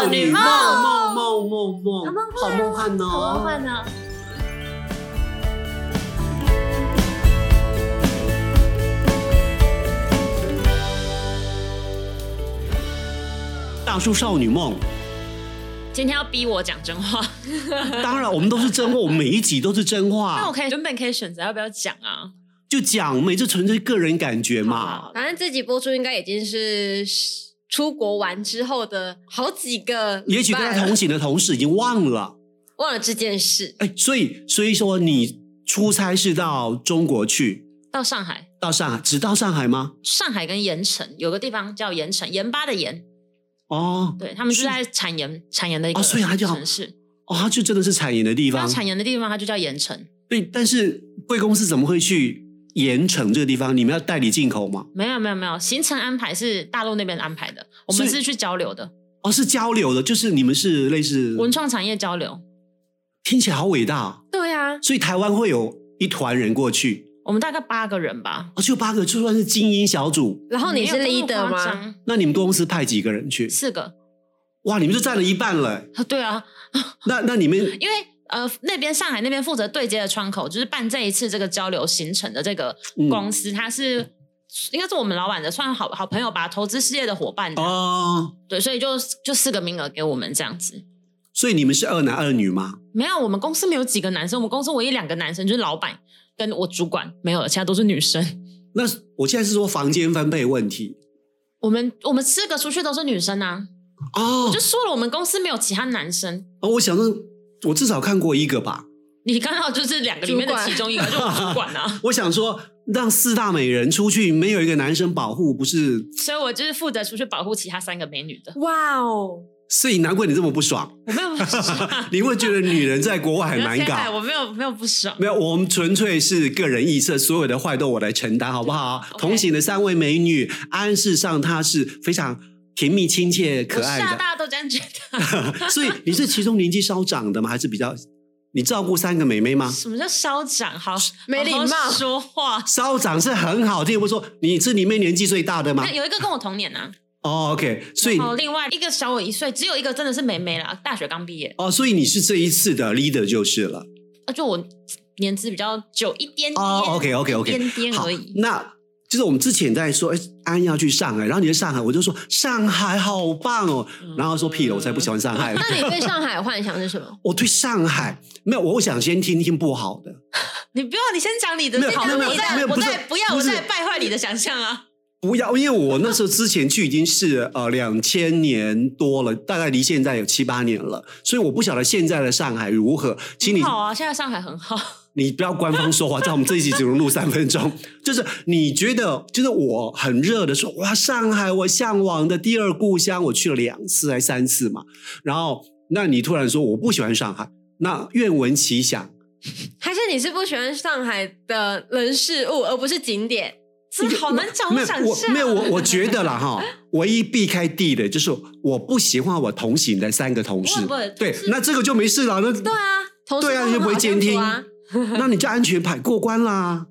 少女夢夢夢夢夢，好夢幻哦、喔！好夢幻呢、喔喔喔！大叔少女夢，今天要逼我講真話？ 當然，我們都是真話，我們每一集都是真話。 那我可以原本可以選擇要不要講啊？就講，每次純粹個人感覺嘛、啊。反正自己播出應該已經是。出國玩之後的好幾個，也許跟他同行的同事已經忘了，忘了這件事。哎，所以所以說你出差是到中國去，到上海，到上海，只到上海嗎？上海跟鹽城，有個地方叫鹽城，鹽巴的鹽。哦，對，他們是,是在產鹽、產鹽的一個城市。哦，所以它叫、哦、就真的是產鹽的地方。它產鹽的地方，它就叫鹽城。對，但是貴公司怎麼會去？鹽城這個地方，你們要代理進口嗎？沒有沒有沒有，行程安排是大陸那邊安排的，我們是去交流的。哦，是交流的，就是你們是類似文創產業交流，聽起來好偉大。對呀、啊，所以台灣會有一團人過去，我們大概八個人吧，哦，就八個，就算是精英小組。然後你是 leader 嗎？那你們公司派幾個人去？四個。哇！你們就佔了一半了、欸。對啊，那那你們因為呃那邊上海那邊負責對接的窗口，就是辦這一次這個交流行程的這個公司，嗯、它是應該是我們老闆的算好好朋友吧，把投資事業的夥伴哦，對，所以就就四個名額給我們這樣子。所以你們是二男二女嗎？沒有，我們公司沒有幾個男生，我們公司唯一兩個男生就是老闆跟我主管，沒有其他都是女生。那我現在是說房間分配問題。我們我們四個出去都是女生啊。哦，我就說了，我們公司沒有其他男生。哦，我想說，我至少看過一個吧。你剛好就是兩個裡面的其中一個，就我主管啊。 我想說，讓四大美人出去，沒有一個男生保護，不是？所以，我就是負責出去保護其他三個美女的。哇、wow、哦！所以難怪你這麼不爽。我沒有不爽， 你會覺得女人在國外很難搞？我沒有，沒有，沒有不爽。沒有，我們純粹是個人臆測，所有的壞都我來承擔，好不好？Okay. 同行的三位美女，安示上她是非常。甜蜜、親切、可愛的是、啊，大家都這樣覺得。 所以你是其中年紀稍長的嗎？還是比較你照顧三個妹妹嗎？什麼叫稍長？好，沒禮貌，好好說話。稍 長是很好，聽不說？你是裡面年紀最大的嗎？有一個跟我同年呢、啊。哦、oh,，OK，所以另外一個小我一歲，只有一個真的是妹妹了。大學剛畢業哦，oh, 所以你是這一次的 leader 就是了。就我年資比較久一點。哦、oh,，OK，OK，OK，、okay, okay, okay. 一點點而已。那。就是我們之前在說，哎、欸，安要去上海，然後你在上海，我就說上海好棒哦。嗯、然後他說屁了，我才不喜歡上海。那你對上海幻想是什麼？ 我對上海沒有，我，我想先聽聽不好的。你不要，你先講你的。沒有沒的，沒有，沒有我再不要，不我再敗壞你的想象啊不！不要，因為我那時候之前去已經是呃兩千年多了，大概離現在有七八年了，所以我不曉得現在的上海如何。請你好啊，現在上海很好。你不要官方說話，在我們這一集只能錄三分鐘。 就是你覺得，就是我很熱的說哇，上海我嚮往的第二故鄉，我去了兩次還三次嘛。然後，那你突然說我不喜歡上海，那願聞其詳。還是你是不喜歡上海的人事物，而不是景點？這好難找。沒有、啊我，沒有，我我覺得啦，哈 唯一避開地的，就是我不喜歡我同行的三個同事。同事對，那這個就沒事了。那對啊，對啊，你就不、啊、會監聽。 那你就安全牌過關啦，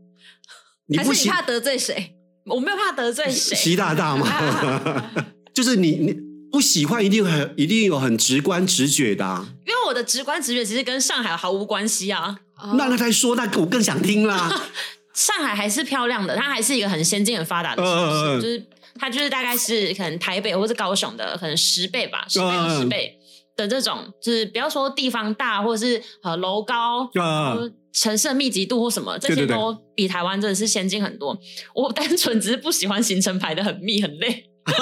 還是你怕得罪誰？我沒有怕得罪誰，習 大大嘛， 就是你你不喜歡一定很一定有很直觀直覺的、啊。因為我的直觀直覺其實跟上海毫無關係啊。那他才說，那我更想聽啦。 上海還是漂亮的，它還是一個很先進很發達的城市，呃、就是它就是大概是可能台北或是高雄的可能十倍吧，十倍十倍。呃的這種就是不要說地方大，或者是呃樓高，啊、城市的密集度或什麼，這些都比台灣真的是先進很多。對對對。我單純只是不喜歡行程排的很密，很累， 真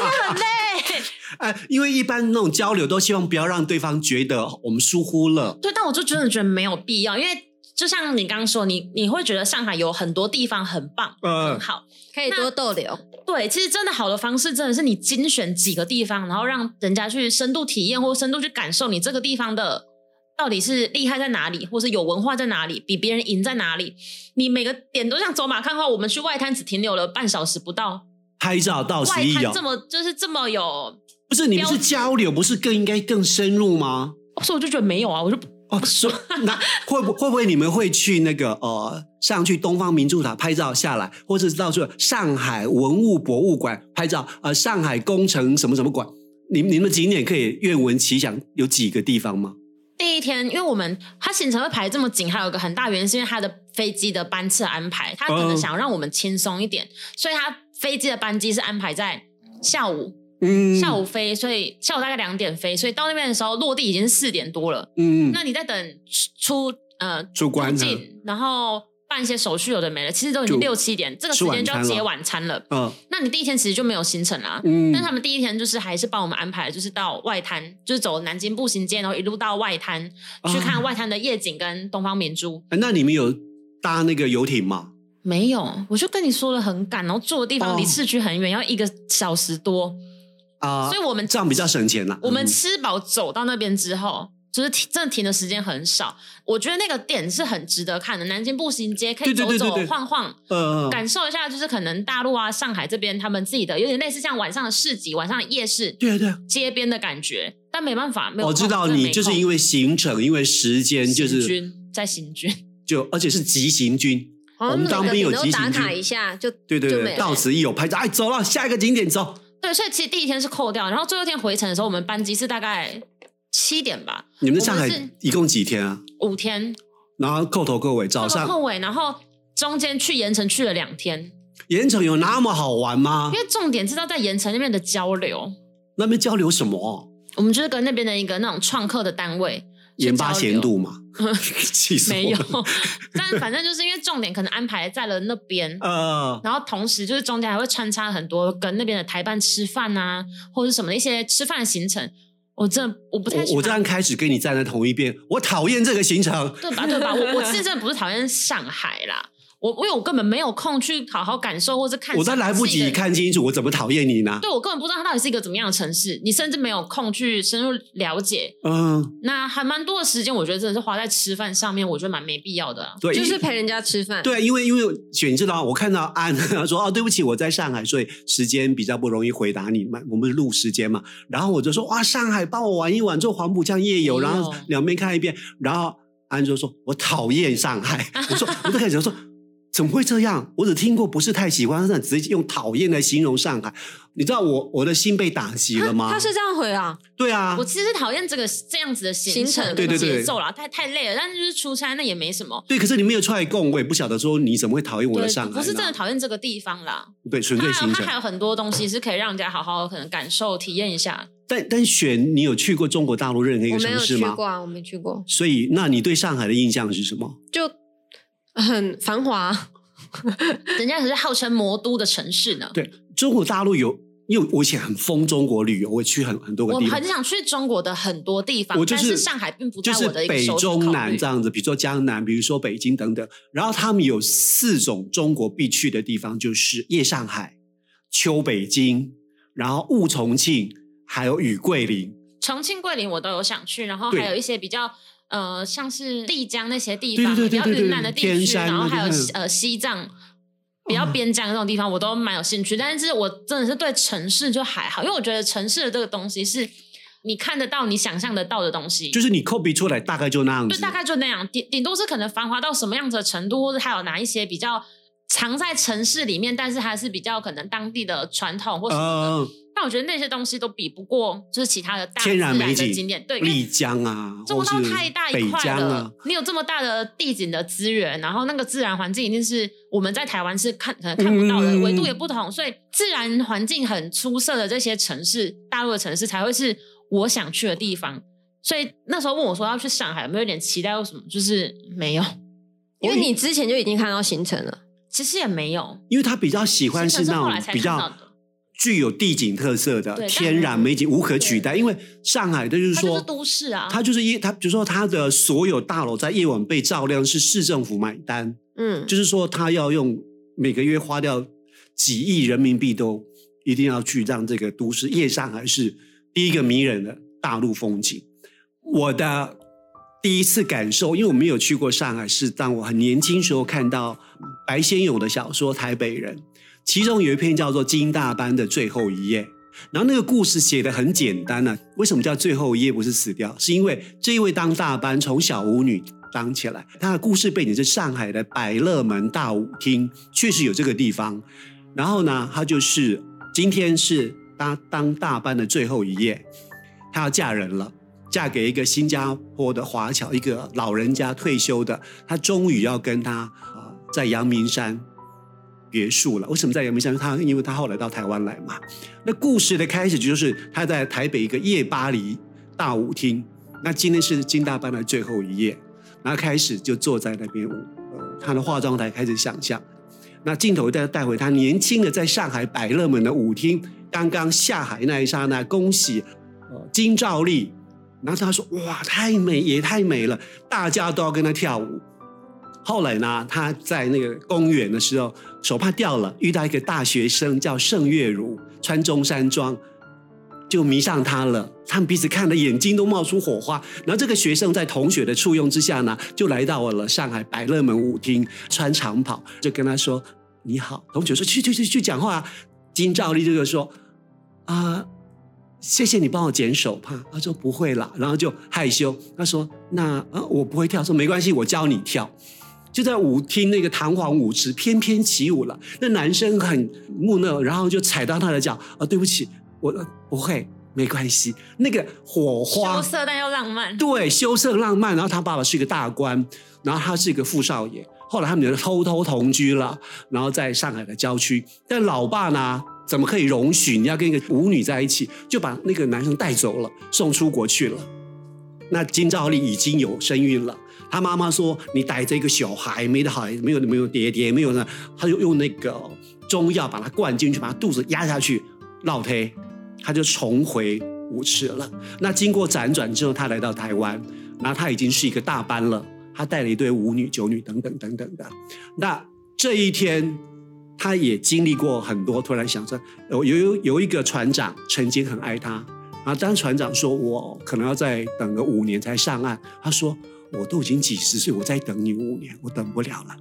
的很累。哎、呃，因為一般那種交流都希望不要讓對方覺得我們疏忽了。對，但我就真的覺得沒有必要，因為。就像你剛剛說，你你會覺得上海有很多地方很棒，嗯，很好，呃，可以多逗留。對，其實真的好的方式，真的是你精選幾個地方，然後讓人家去深度體驗，或深度去感受你這個地方的到底是厲害在哪裡，或是有文化在哪裡，比別人贏在哪裡。你每個點都像走馬看花，我們去外灘只停留了半小時不到，拍照到此一遊這麼就是這麼有，不是你們是交流，不是更應該更深入嗎、嗯？所以我就覺得沒有啊，我就。 哦，說，那會不會不會，你們會去那個呃上去東方明珠塔拍照下來，或者是到上海文物博物館拍照，呃上海工程什麼什麼館。你你們的景點可以願聞其詳，有幾個地方嗎？第一天，因為我們它行程會排這麼緊，還有一個很大原因，是因為它的飛機的班次的安排，它可能想要讓我們輕鬆一點，所以它飛機的班機是安排在下午。嗯、下午飛，所以下午大概兩點飛，所以到那邊的時候落地已經四點多了。嗯，那你在等出呃出關，然後辦一些手續，有的沒的，其實都已經六七點，這個時間就要接晚餐了。嗯，那你第一天其實就沒有行程啦、啊。嗯，但他們第一天就是還是幫我們安排，就是到外灘，就是走南京步行街，然後一路到外灘去看外灘的夜景跟東方明珠。哎、啊，那你們有搭那個遊艇嗎？沒有，我就跟你說的很趕，然後住的地方離市區很遠，要一個小時多。啊、uh，所以我們這樣比較省錢了。我們吃飽走到那邊之後，就是停，真的停的時間很少。我覺得那個點是很值得看的。南京步行街可以走走對對對對晃晃，呃，感受一下，就是可能大陸啊、上海這邊他們自己的，有點類似像晚上的市集、晚上的夜市，對對、對，街邊的感覺。但沒辦法，沒有，我知道你就是因為行程，因為時間就是行軍在行軍，就而且是急行軍。我們當兵有急行軍，那個、打卡一下，就、就對對、對就，到此一遊拍照，哎，走了，下一個景點走。對，所以其實第一天是扣掉，然後最後天回程的時候，我們班機是大概七點吧。你們在上海一共幾天啊？五天，然後扣頭扣尾，早上，扣頭扣尾，然後中間去鹽城去了兩天。鹽城有那麼好玩嗎？因為重點知道在鹽城那邊的交流。那邊交流什麼？我們就是跟那邊的一個那種創客的單位。鹽巴鹹度嘛， 沒有，但反正就是因為重點可能安排在了那邊， 呃，然後同時就是中間還會穿插很多跟那邊的台辦吃飯啊，或者是什麼一些吃飯行程，我這我不太喜歡我，我這樣開始跟你站在同一邊，我討厭這個行程，對吧？對吧？我我其實真的不是討厭上海啦。我因為我根本沒有空去好好感受，或是看我都來不及看清楚，我怎麼討厭你呢？對，我根本不知道它到底是一個怎麼樣的城市，你甚至沒有空去深入了解。嗯，那還蠻多的時間，我覺得真的是花在吃飯上面，我覺得蠻沒必要的啊。對，就是陪人家吃飯。對啊，因為因為選你知道我看到安說啊，哦，對不起，我在上海，所以時間比較不容易回答你們，我們是錄時間嘛。然後我就說哇，上海幫我玩一玩，做黃浦江夜遊，然後兩邊看一遍。然後安就說，我討厭上海。我說，我就開始說。怎麼會這樣？我只聽過，不是太喜歡，甚至直接用討厭來形容上海。你知道我我的心被打擊了嗎？他是這樣回啊？對啊，我其實是討厭這個這樣子的行程和節奏啦，太太累了。但是就是出差，那也沒什麼。對，可是你沒有出來供，我也不曉得說你怎麼會討厭我的上海。我是真的討厭這個地方啦。對，純粹行程。他還有很多東西是可以讓人家好好可能感受、體驗一下。但但雪，你有去過中國大陸任何一個城市嗎？我沒有去過，我沒去過。所以，那你對上海的印象是什麼？就。很、嗯、繁華，人家可是號稱魔都的城市呢。 對，中國大陸有，因為我以前很瘋中國旅遊，我去很很多個地方。我很想去中國的很多地方，就是、但是上海並不在就是我的首選。北中南這樣子，比如說江南，比如說北京等等。然後他們有四種中國必去的地方，就是夜上海、秋北京、然後霧重慶，還有雨桂林。重慶、桂林我都有想去，然後還有一些比較。呃，像是麗江那些地方，對對對對對比較雲南的地區，天山然後還有呃西藏，比較邊疆那種地方，嗯，我都蠻有興趣。但是，其實我真的是對城市就還好，因為我覺得城市的這個東西是你看得到、你想象得到的東西，就是你 copy 出來大概就那樣子，對，大概就那樣。頂頂多是可能繁華到什麼樣子的程度，或者還有哪一些比較，藏在城市裡面，但是還是比較可能當地的傳統或什麼的。呃、但我覺得那些東西都比不過就是其他的大自然的景點，對，麗江啊，做到太大一塊了，啊。你有這麼大的地景的資源，然後那個自然環境一定是我們在台灣是看呃看不到的，嗯，緯度也不同，所以自然環境很出色的這些城市，大陸的城市才會是我想去的地方。所以那時候問我說要去上海，有沒有，有點期待為什麼？就是沒有，因為你之前就已經看到行程了。其實也沒有，因為他比較喜歡是那種比較具有地景特色的，的天然美景，無可取代。因為上海，的就是說就是都市啊，它就是一，它比如說它的所有大樓在夜晚被照亮是市政府買單，嗯，就是說他要用每個月花掉幾億人民幣都一定要去讓這個都市，夜上海是第一個迷人的大陸風景。嗯，我的。第一次感受，因為我沒有去過上海市。是當我很年輕時候，看到白先勇的小說《台北人》，其中有一篇叫做《金大班的最後一夜》。然後那個故事寫得很簡單呢、啊，為什麼叫最後一夜不是死掉？是因為這一位當大班從小舞女當起來，他的故事背景是上海的百樂門大舞廳，確實有這個地方。然後呢，他就是今天是他當大班的最後一夜，他要嫁人了。嫁給一個新加坡的華僑，一個老人家退休的，他終於要跟他啊、呃，在陽明山，別墅了。為什麼在陽明山？他因為他後來到台灣來嘛。那故事的開始就是他在台北一個夜巴黎大舞廳。那今天是金大班的最後一夜，然後開始就坐在那邊、呃、他的化妝台開始想象。那鏡頭再帶，帶回他，他年輕的在上海百樂門的舞廳，剛剛下海那一剎那，恭喜，呃，金兆麗。然後他說：“哇，太美，也太美了，大家都要跟他跳舞。”後來呢，他在那個公園的時候，手帕掉了，遇到一個大學生叫盛月如，穿中山裝，就迷上他了。他們彼此看的眼睛都冒出火花。然後這個學生在同學的簇擁之下呢，就來到了上海百樂門舞廳，穿長袍，就跟他說：“你好。”同學說：“去去去去講話啊。”金兆麗就說：“啊。”謝謝你幫我撿手帕。他說不會了，然後就害羞。他說：“那、啊、我不會跳。說”說沒關係，我教你跳。就在舞廳那個彈簧舞池翩翩起舞了。那男生很木訥，然後就踩到他的腳。啊，對不起，我不會。沒關係。那個火花羞澀但又浪漫。對，羞澀浪漫。然後他爸爸是一個大官，然後他是一個富少爺。後來他們就偷偷同居了，然後在上海的郊區。但老爸呢？怎麼可以容許你要跟一個舞女在一起？就把那個男生帶走了，送出國去了。那金兆麗已經有身孕了，他媽媽說：“你帶着一個小孩，沒得好，沒有沒有爹爹，沒有呢。有”他就用那個中藥把他灌進去，把他肚子壓下去。落胎，他就重回舞池了。那經過輾轉之後，他來到台灣，然後他已經是一個大班了，他帶了一堆舞女、酒女等等等等，等等的。那這一天。他也經歷過很多，突然想說，有有有一個船長曾經很愛他，啊，當船長說，我可能要再等個五年才上岸，他說，我都已經幾十歲，我再等你五年，我等不了了。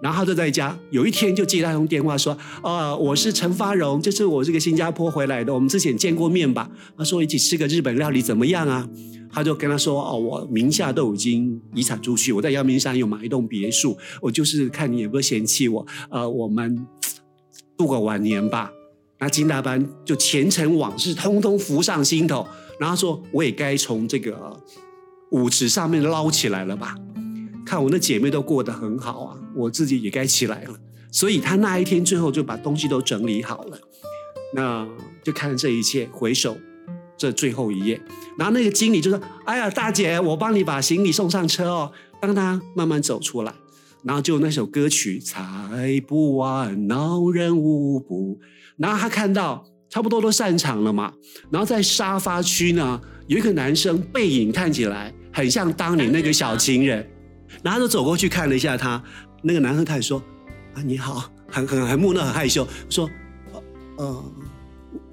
然後他就在家，有一天就接到一通電話，說：“啊、呃，我是陳發榮，就是我這個新加坡回來的，我們之前見過面吧？他說一起吃個日本料理怎麼樣啊？”他就跟他說：“哦、呃，我名下都已經遺產出去，我在陽明山有買一棟別墅，我就是看你也不嫌棄我，呃，我們度過晚年吧。”那金大班就前塵往事通通浮上心頭，然後他說：“我也該從這個舞池上面撈起來了吧。”看我那姐妹都過得很好啊，我自己也該起來了。所以她那一天最後就把東西都整理好了，那就看這一切，回首這最後一夜。然後那個經理就說：“哎呀，大姐，我幫你把行李送上車哦。噹噹”當她慢慢走出來，然後就那首歌曲《踩不完惱人舞步》。然後她看到差不多都散場了嘛，然後在沙發區呢有一個男生背影看起來很像當年那個小情人。啊然後就走過去看了一下他，那個男生開始說：“啊，你好，很很很木訥，很害羞。”說：“呃，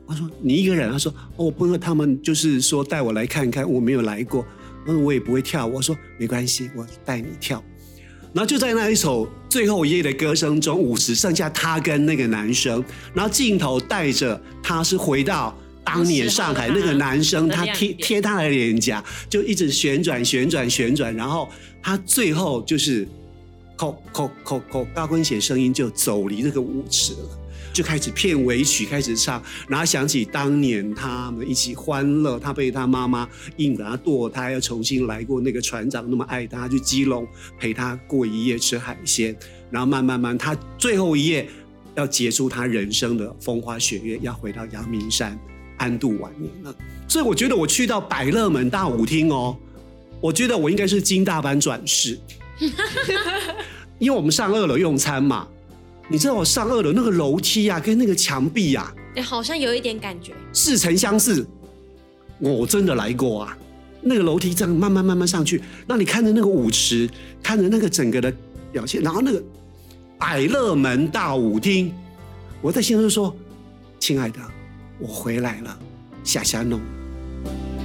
他說你一個人。”他說：“我朋友他們就是說帶我來看看，我沒有來過，我說我也不會跳。”我說：“沒關係，我帶你跳。”然後就在那一首最後一夜的歌聲中，舞池剩下他跟那個男生，然後鏡頭帶着他是回到。當年上海那個男生，他貼貼他的臉頰，就一直旋轉旋轉旋轉，然後他最後就是扣扣扣扣，高跟鞋聲音就走離這個舞池了，就開始片尾曲開始唱，然後想起當年他們一起歡樂，他被他媽媽硬給他墮胎，要重新來過，那個船長那麼愛他，就去基隆陪他過一夜吃海鮮，然後慢慢慢，他最後一夜要結束他人生的風花雪月，要回到陽明山。安度晚年了，所以我覺得我去到百樂門大舞廳哦，我覺得我應該是金大班轉世， 因為我們上二樓用餐嘛。你知道我上二樓那個樓梯啊，跟那個牆壁啊，哎、欸，好像有一點感覺，似曾相識。我真的來過啊，那個樓梯這樣慢慢慢慢上去，那你看着那個舞池，看着那個整個的表現，然後那個百樂門大舞廳，我在心中就說，親愛的。我回來了，下下弄、哦。